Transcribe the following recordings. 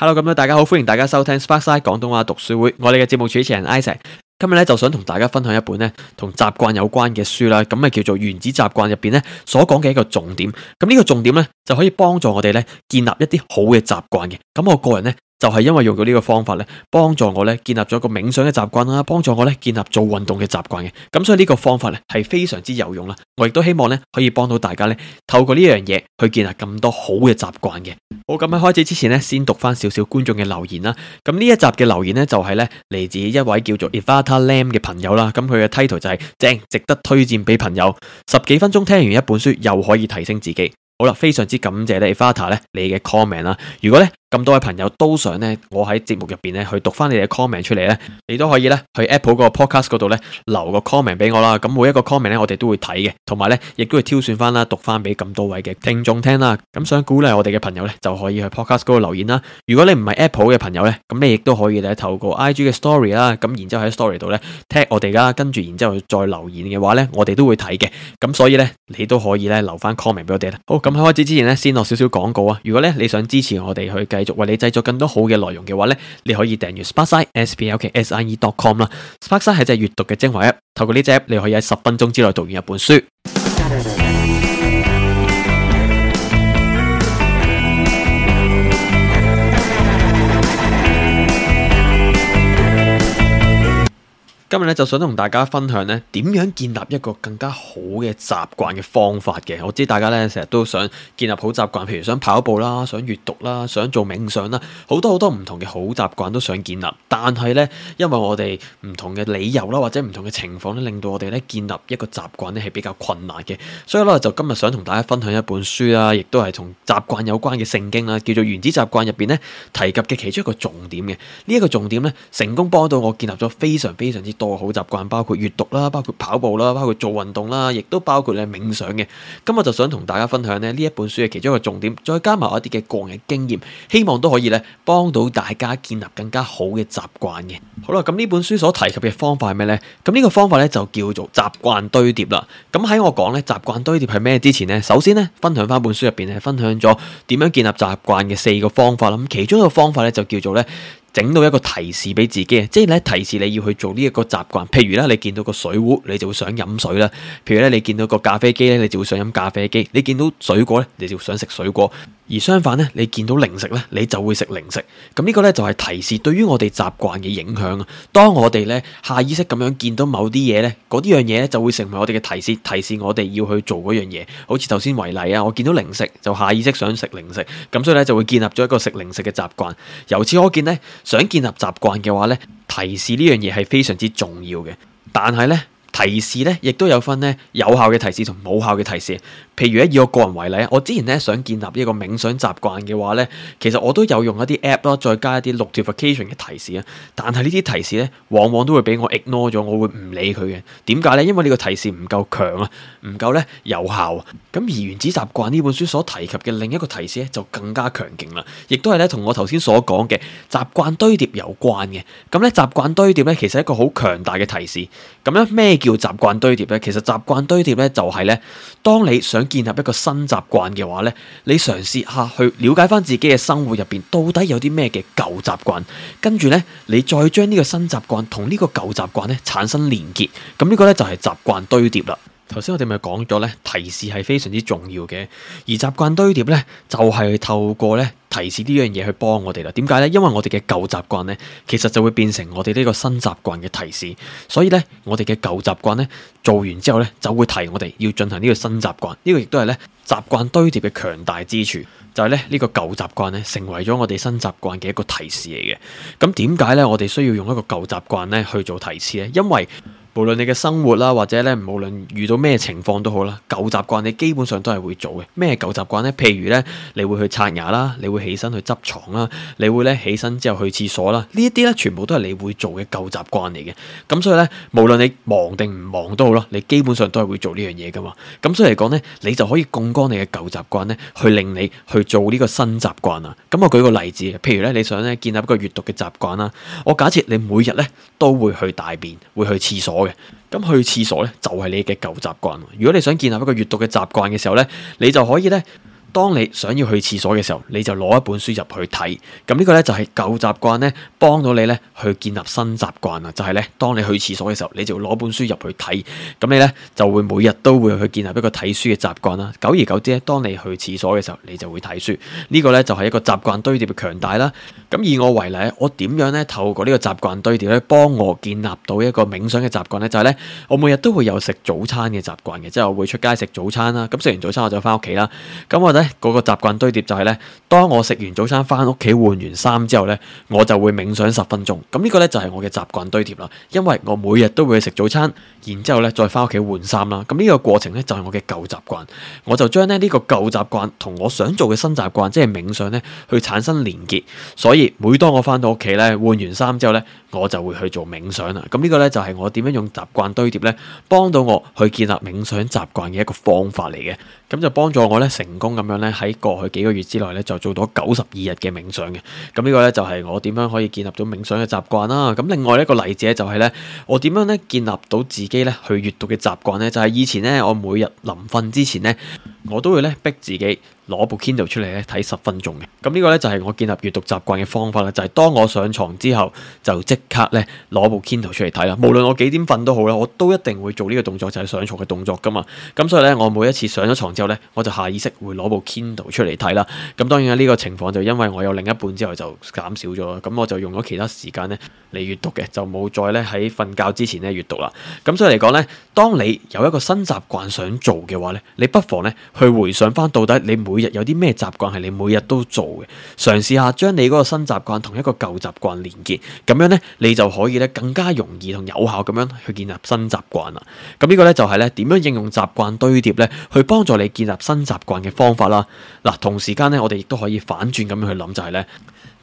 hello，咁樣大家好，歡迎大家收聽 Sparkside 廣東話讀書會，我哋嘅節目主持人 Isaac，今日呢就想同大家分享一本呢同習慣有關嘅書啦，咁咪叫做《原子習慣》入面呢所講嘅一個重點，咁、這、呢個重點呢就可以幫助我哋呢建立一啲好嘅習慣嘅，咁我個人呢……就係因為用到呢個方法咧，幫助我咧建立咗個冥想嘅習慣啦，幫助我咧建立做運動嘅習慣嘅。咁所以呢個方法咧係非常之有用啦。我亦都希望咧可以幫到大家咧，透過呢樣嘢去建立咁多好嘅習慣嘅。好咁喺開始之前咧，先讀翻少少觀眾嘅留言啦。咁呢一集嘅留言咧就係咧嚟自一位叫做 Evata Lam 嘅朋友啦。咁佢嘅 title 就係、是、正值得推薦俾朋友。十幾分鐘聽完一本書又可以提升自己。好啦，非常之感謝 Evata 咧你嘅 comment 啦。如果咧。咁多位朋友都想咧，我喺節目入邊咧去讀翻你哋嘅 comment 出嚟咧，你都可以咧去 Apple 個 podcast 嗰度咧，留個 comment 俾我啦。咁每一個 comment 咧，我哋都會睇嘅，同埋咧亦都會挑選翻啦，讀翻俾咁多位嘅聽眾聽啦。咁想鼓勵我哋嘅朋友咧，就可以去 podcast 嗰度留言啦。如果你唔係 Apple 嘅朋友咧，咁你亦都可以咧透過 IG 嘅 story 啦，咁然之後喺 story 度咧 tag 我哋啦，跟住然之後再留言嘅話咧，我哋都會睇嘅。咁所以咧，你都可以咧留翻 comment 俾我哋啦。好，咁喺開始之前咧，先落少少廣告啊。如果咧你想支持我哋去繼續為你製作更多好嘅內容嘅話咧，你可以訂閱 Sparksine, Sparksine dot com 啦。Sparksine 係只閱讀嘅精華 app 透過呢隻 app，你可以喺十分鐘之內讀完一本書。今日咧就想同大家分享咧點樣建立一個更加好嘅習慣嘅方法嘅。我知大家咧成日都想建立好習慣，譬如想跑步啦、想閱讀啦、想做冥想啦，好多好多唔同嘅好習慣都想建立。但係咧，因為我哋唔同嘅理由啦，或者唔同嘅情況咧，令到我哋咧建立一個習慣咧係比較困難嘅。所以咧就今日想同大家分享一本書啦，亦都係同習慣有關嘅聖經啦，叫做《原子習慣》入邊咧提及嘅其中一個重點嘅。呢一個重點咧，成功幫到我建立咗非常非常之。多好習慣，包括閱讀啦，包括跑步啦，包括做運動啦，亦都包括呢冥想嘅。今日就想同大家分享呢，呢一本書嘅其中一個重點，再加埋我哋嘅個人經驗，希望都可以呢幫到大家建立更加好嘅習慣嘅。好啦，咁呢本書所提及嘅方法係咩呢？咁呢個方法呢就叫做習慣堆疊啦。咁喺我講呢習慣堆疊係咩之前呢，首先呢分享翻本書入邊呢分享咗點樣建立習慣嘅四個方法啦。咁其中一個方法呢就叫做呢。整到一個提示俾自己，即係咧提示你要去做呢一個習慣。譬如咧，你見到個水壺，你就會想飲水啦；譬如咧，你見到個咖啡機咧，你就會想飲咖啡機；你見到水果咧，你就想食水果；而相反咧，你見到零食咧，你就會食零食。咁呢個咧就係提示對於我哋習慣嘅影響啊。當我哋咧下意識咁樣見到某啲嘢咧，嗰啲樣嘢就會成為我哋嘅提示，提示我哋要去做嗰樣嘢。好似頭先為例啊，我見到零食就下意識想食零食，咁所以咧就會建立咗一個食零食嘅習慣。由此可見咧。想建立習慣嘅話呢，提示呢樣嘢係非常之重要嘅。但係呢，提示呢，亦都有分呢有效嘅提示同冇效嘅提示。譬如以我個人為例，我之前咧想建立呢一個冥想習慣嘅話咧，其實我都有用一啲 app 咯，再加一啲 notification 嘅提示啊。但係呢啲提示咧，往往都會俾我 ignore 咗，我會唔理佢嘅。點解咧？因為呢個提示唔夠強啊，唔夠咧有效。咁而原子習慣呢本書所提及嘅另一個提示咧，就更加強勁啦，亦都係咧同我頭先所講嘅習慣堆疊有關嘅。咁咧習慣堆疊咧，其實一個好強大嘅提示。咁樣咩叫習慣堆疊咧？其實習慣堆疊咧就係咧，當你想建立一個新習慣嘅話咧，你嘗試下去了解翻自己嘅生活入邊到底有啲咩嘅舊習慣，跟住咧你再將呢個新習慣同呢個舊習慣咧產生連結，咁呢個咧就係習慣堆疊啦。頭先我哋咪講咗咧，提示係非常之重要嘅，而習慣堆疊咧就係透過咧。提示呢樣嘢去幫我哋啦。點解呢？因為我哋嘅舊習慣呢，其實就會變成我哋呢個新習慣嘅提示。所以呢，我哋嘅舊習慣呢，做完之後呢，就會提我哋要進行呢個新習慣。呢個亦都係呢習慣堆疊嘅強大之處，就係呢呢個舊習慣呢，成為咗我哋新習慣嘅一個提示嚟嘅。咁點解呢，我哋需要用一個舊習慣呢去做提示呢？因為無論你嘅生活啦，或者呢，無論遇到咩情況都好啦，舊習慣你基本上都係會做嘅。咩舊習慣呢？譬如呢，你會去刷牙啦，你會，會起身去執床啦，你會咧起身之後去廁所啦，呢一啲咧全部都係你會做嘅舊習慣嚟嘅。咁所以咧，無論你忙定唔忙都好啦，你基本上都係會做呢樣嘢噶嘛。咁所以嚟講咧，你就可以槓桿你嘅舊習慣咧，去令你去做呢個新習慣啦。咁我舉個例子譬如咧，你想咧建立一個閱讀嘅習慣啦，我假設你每日咧都會去大便，會去廁所嘅。咁去廁所咧就係你嘅舊習慣。如果你想建立一個閱讀嘅習慣嘅時候咧，你就可以咧。當你想要去廁所嘅時候，你就攞一本書入去睇。咁呢個咧就係舊習慣咧，幫到你咧去建立新習慣啦。就係、是、咧，當你去廁所嘅時候，你就攞本書入去睇。咁你咧就會每日都會去建立一個睇書嘅習慣啦。久而久之咧，當你去廁所嘅時候，你就會睇書。這個、呢個咧就係、是、一個習慣堆疊嘅強大啦。咁以我為例，我點樣咧透過呢個習慣堆疊咧，幫我建立到一個冥想嘅習慣咧？就係、是、咧，我每日都會有食早餐嘅習慣嘅，即係我會出街食早餐啦。咁食完早餐我就返屋企啦。咁我。嗰個習慣堆疊就係咧，當我食完早餐翻屋企換完衫之後咧，我就會冥想十分鐘。咁呢個咧就係我嘅習慣堆疊啦。因為我每日都會去食早餐，然之後咧再翻屋企換衫啦。咁呢個過程咧就係我嘅舊習慣，我就將咧呢個舊習慣同我想做嘅新習慣，即係冥想咧去產生連結。所以每當我翻到屋企咧，換完衫之後咧。我就會去做冥想啦，咁呢個呢，就係我點樣用習慣堆疊呢，幫到我去建立冥想習慣嘅一個方法嚟嘅，咁就幫助我呢成功咁樣呢，喺過去幾個月之內呢，就做到九十二日嘅冥想嘅，咁呢個呢，就係我點樣可以建立到冥想嘅習慣啦，咁另外一個例子呢，就係呢，我點樣呢，建立到自己呢去閱讀嘅習慣呢？就係以前呢，我每日臨瞓之前呢，我都會呢逼自己。攞部 Kindle 出嚟咧睇十分鐘嘅，咁呢個咧就係我建立閱讀習慣嘅方法啦。就係當我上床之後，就即刻咧攞部 Kindle 出嚟睇啦。無論我幾點瞓都好啦，我都一定會做呢個動作，就係上床嘅動作噶嘛。咁所以咧，我每一次上咗床之後咧，我就下意識會攞部 Kindle 出嚟睇啦。咁當然啊，呢個情況就因為我有另一半之後就減少咗啦。咁我就用咗其他時間咧嚟閱讀嘅，就冇再咧喺瞓覺之前咧閱讀啦。咁所以嚟講咧，當你有一個新習慣想做嘅話咧，你不妨咧去回想翻到底你每每日有啲咩習慣係你每日都做嘅？嘗試下將你嗰個新習慣同一個舊習慣連結，咁樣咧，你就可以咧更加容易同有效咁樣去建立新習慣啦。咁呢個咧就係咧點樣應用習慣堆疊咧，去幫助你建立新習慣嘅方法啦。嗱，同時間咧，我哋亦都可以反轉咁樣去諗，就係咧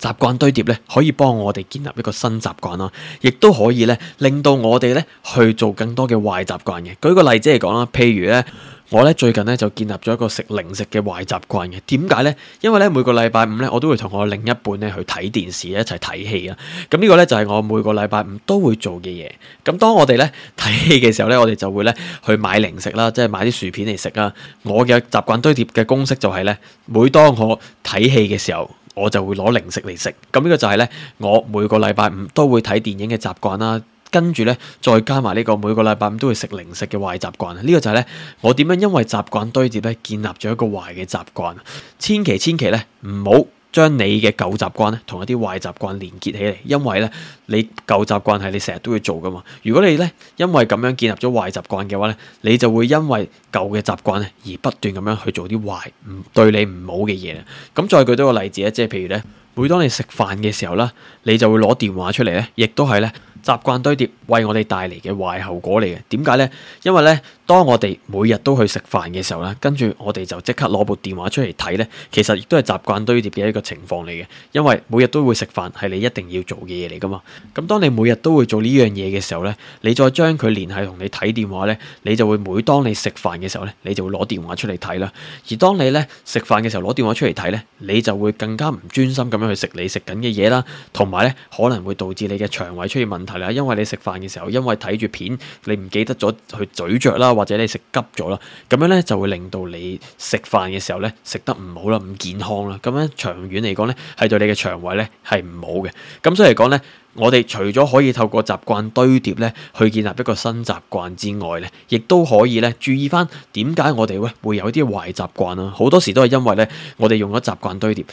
習慣堆疊咧可以幫我哋建立一個新習慣啦，亦都可以咧令到我哋咧去做更多嘅壞習慣嘅。舉個例子嚟講啦，譬如咧。我咧最近咧就建立咗一個食零食嘅壞習慣嘅，點解呢？因為咧每個禮拜五咧，我都會同我另一半咧去睇電視一齊睇戲啊。咁呢個咧就係我每個禮拜五都會做嘅嘢。咁當我哋咧睇戲嘅時候咧，我哋就會咧去買零食啦，即係買啲薯片嚟食啊。我嘅習慣堆疊嘅公式就係咧，每當我睇戲嘅時候，我就會攞零食嚟食。咁呢個就係咧我每個禮拜五都會睇電影嘅習慣啦。跟住咧，再加埋呢個每個禮拜五都會食零食嘅壞習慣，呢個就係呢，我點樣因為習慣堆疊咧建立咗一個壞嘅習慣。千祈千祈呢，唔好將你嘅舊習慣咧同一啲壞習慣連結起嚟，因為呢，你舊習慣係你成日都會做噶嘛。如果你呢，因為咁樣建立咗壞習慣嘅話呢，你就會因為舊嘅習慣咧而不斷咁樣去做啲壞唔對你唔好嘅嘢。咁再舉多個例子啊，即係譬如呢。每當你食飯嘅時候呢，你就會攞電話出嚟呢，亦都係呢習慣堆疊，為我哋帶嚟嘅壞後果嚟嘅。點解呢？因為呢。當我哋每日都去食飯嘅時候咧，跟住我哋就即刻攞部電話出嚟睇呢，其實亦都係習慣堆疊嘅一個情況嚟嘅。因為每日都會食飯係你一定要做嘅嘢嚟㗎嘛。咁當你每日都會做呢樣嘢嘅時候呢，你再將佢聯繫同你睇電話呢，你就會每當你食飯嘅時候呢，你就會攞電話出嚟睇啦。而當你呢食飯嘅時候攞電話出嚟睇呢，你就會更加唔專心咁樣去食你食緊嘅嘢啦，同埋呢可能會導致你嘅腸胃出現問題啦。因為你食飯嘅時候，因為睇住片，你唔記得咗去咀嚼啦。或者你食急咗啦，咁樣咧就會令到你食飯嘅時候咧食得唔好啦，唔健康啦。咁樣長遠嚟講咧，係對你嘅腸胃咧係唔好嘅。咁所以嚟講咧。我哋除咗可以透過習慣堆疊咧，去建立一個新習慣之外咧，亦都可以咧注意翻點解我哋喂會有啲壞習慣啦。好多時都係因為咧，我哋用咗習慣堆疊，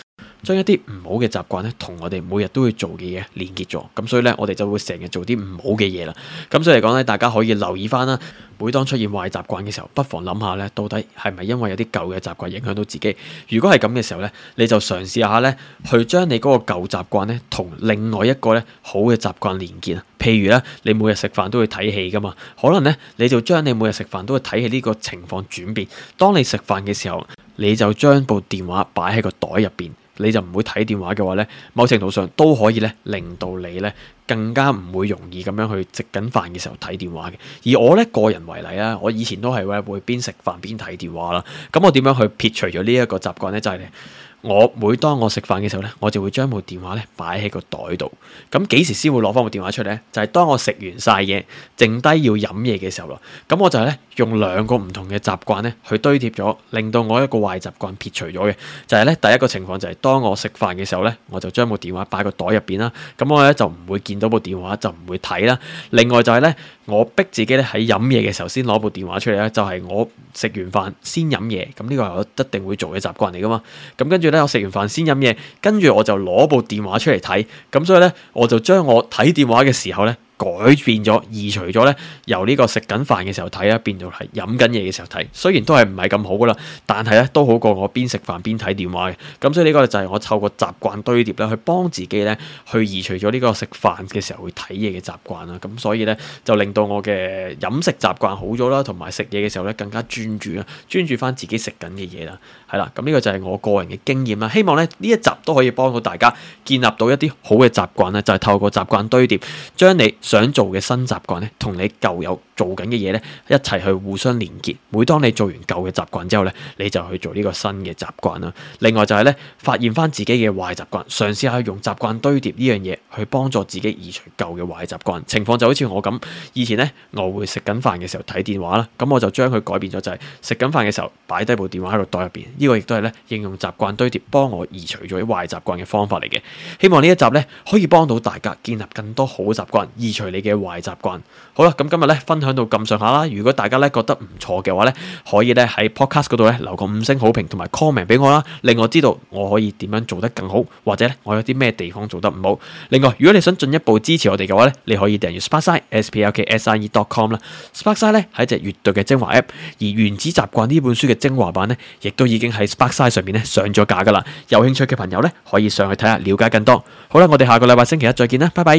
將一啲唔好嘅習慣咧，同我哋每日都會做嘅嘢連結咗。咁所以咧，我哋就會成日做啲唔好嘅嘢啦。咁所以嚟講咧，大家可以留意翻啦。每當出現壞習慣嘅時候，不妨諗下咧，到底係咪因為有啲舊嘅習慣影響到自己？如果係咁嘅時候咧，你就嘗試下咧，去將你嗰個舊習慣咧，同另外一個咧。好嘅習慣連結啊，譬如咧，你每日食飯都會睇戲㗎嘛，可能咧，你就將你每日食飯都會睇戲呢個情況轉變，當你食飯嘅時候，你就將部電話擺喺個袋入邊，你就唔會睇電話嘅話咧，某程度上都可以咧，令到你咧更加唔會容易咁樣去食緊飯嘅時候睇電話嘅。以我咧個人為例啦，我以前都係會邊食飯邊睇電話啦，咁我點樣去撇除咗呢一個習慣咧，就係。我每當我食飯嘅時候呢，我就會將部電話咧擺喺個袋度。咁幾時先會攞翻部電話出嚟呢？就係當我食完晒嘢，剩低要飲嘢嘅時候咯。咁我就咧用兩個唔同嘅習慣咧去堆疊咗，令到我一個壞習慣撇除咗嘅，就係咧第一個情況就係當我食飯嘅時候咧，我就將部電話擺個袋入邊啦。咁我咧就唔會見到部電話就唔會睇啦。另外就係咧，我逼自己咧喺飲嘢嘅時候先攞部電話出嚟啦。就係我食完飯先飲嘢，咁呢個係我一定會做嘅習慣嚟噶嘛。咁跟住。我食完飯先飲嘢，跟住我就攞部電話出嚟睇，咁所以呢，我就將我睇電話嘅時候呢。改變咗，移除咗咧，由呢個食緊飯嘅時候睇啊，變到係飲緊嘢嘅時候睇。雖然都係唔係咁好噶啦，但係咧都好過我邊食飯邊睇電話嘅。咁所以呢個就係我透過習慣堆疊咧，去幫自己咧去移除咗呢個食飯嘅時候會睇嘢嘅習慣啦。咁所以咧就令到我嘅飲食習慣好咗啦，同埋食嘢嘅時候咧更加專注啊，專注翻自己食緊嘅嘢啦。係啦，咁呢個就係我個人嘅經驗啦。希望咧呢一集都可以幫到大家建立到一啲好嘅習慣咧，就係透過習慣堆疊將你。想做嘅新習慣呢，同你舊有，做緊嘅嘢咧，一齊去互相連結。每當你做完舊嘅習慣之後咧，你就去做呢個新嘅習慣啦。另外就係咧，發現翻自己嘅壞習慣，嘗試下用習慣堆疊呢樣嘢去幫助自己移除舊嘅壞習慣。情況就好似我咁，以前咧我會食緊飯嘅時候睇電話啦，咁我就將佢改變咗，就係食緊飯嘅時候擺低部電話喺度袋入邊。這個，呢個亦都係咧應用習慣堆疊幫我移除咗啲壞習慣嘅方法嚟嘅。希望呢一集咧可以幫到大家建立更多好習慣，移除你嘅壞習慣。好啦，咁今日咧分享.到咁上下啦，如果大家咧覺得唔錯嘅話咧，可以咧喺 podcast 嗰度咧留個五星好評同埋 comment 俾我啦，令我知道我可以點樣做得更好，或者咧我有啲咩地方做得唔好。另外，如果你想進一步支持我哋嘅話咧，你可以訂閱 Sparkside s p l k s i e dot com 啦。Sparkside 咧係隻閱讀嘅精華 app，而《原子習慣》呢本書嘅精華版咧，亦都已經喺 Sparkside 上面咧上咗架噶啦。有興趣嘅朋友咧，可以上去睇下，了解更多。好啦，我哋下個禮拜星期一再見啦，拜拜。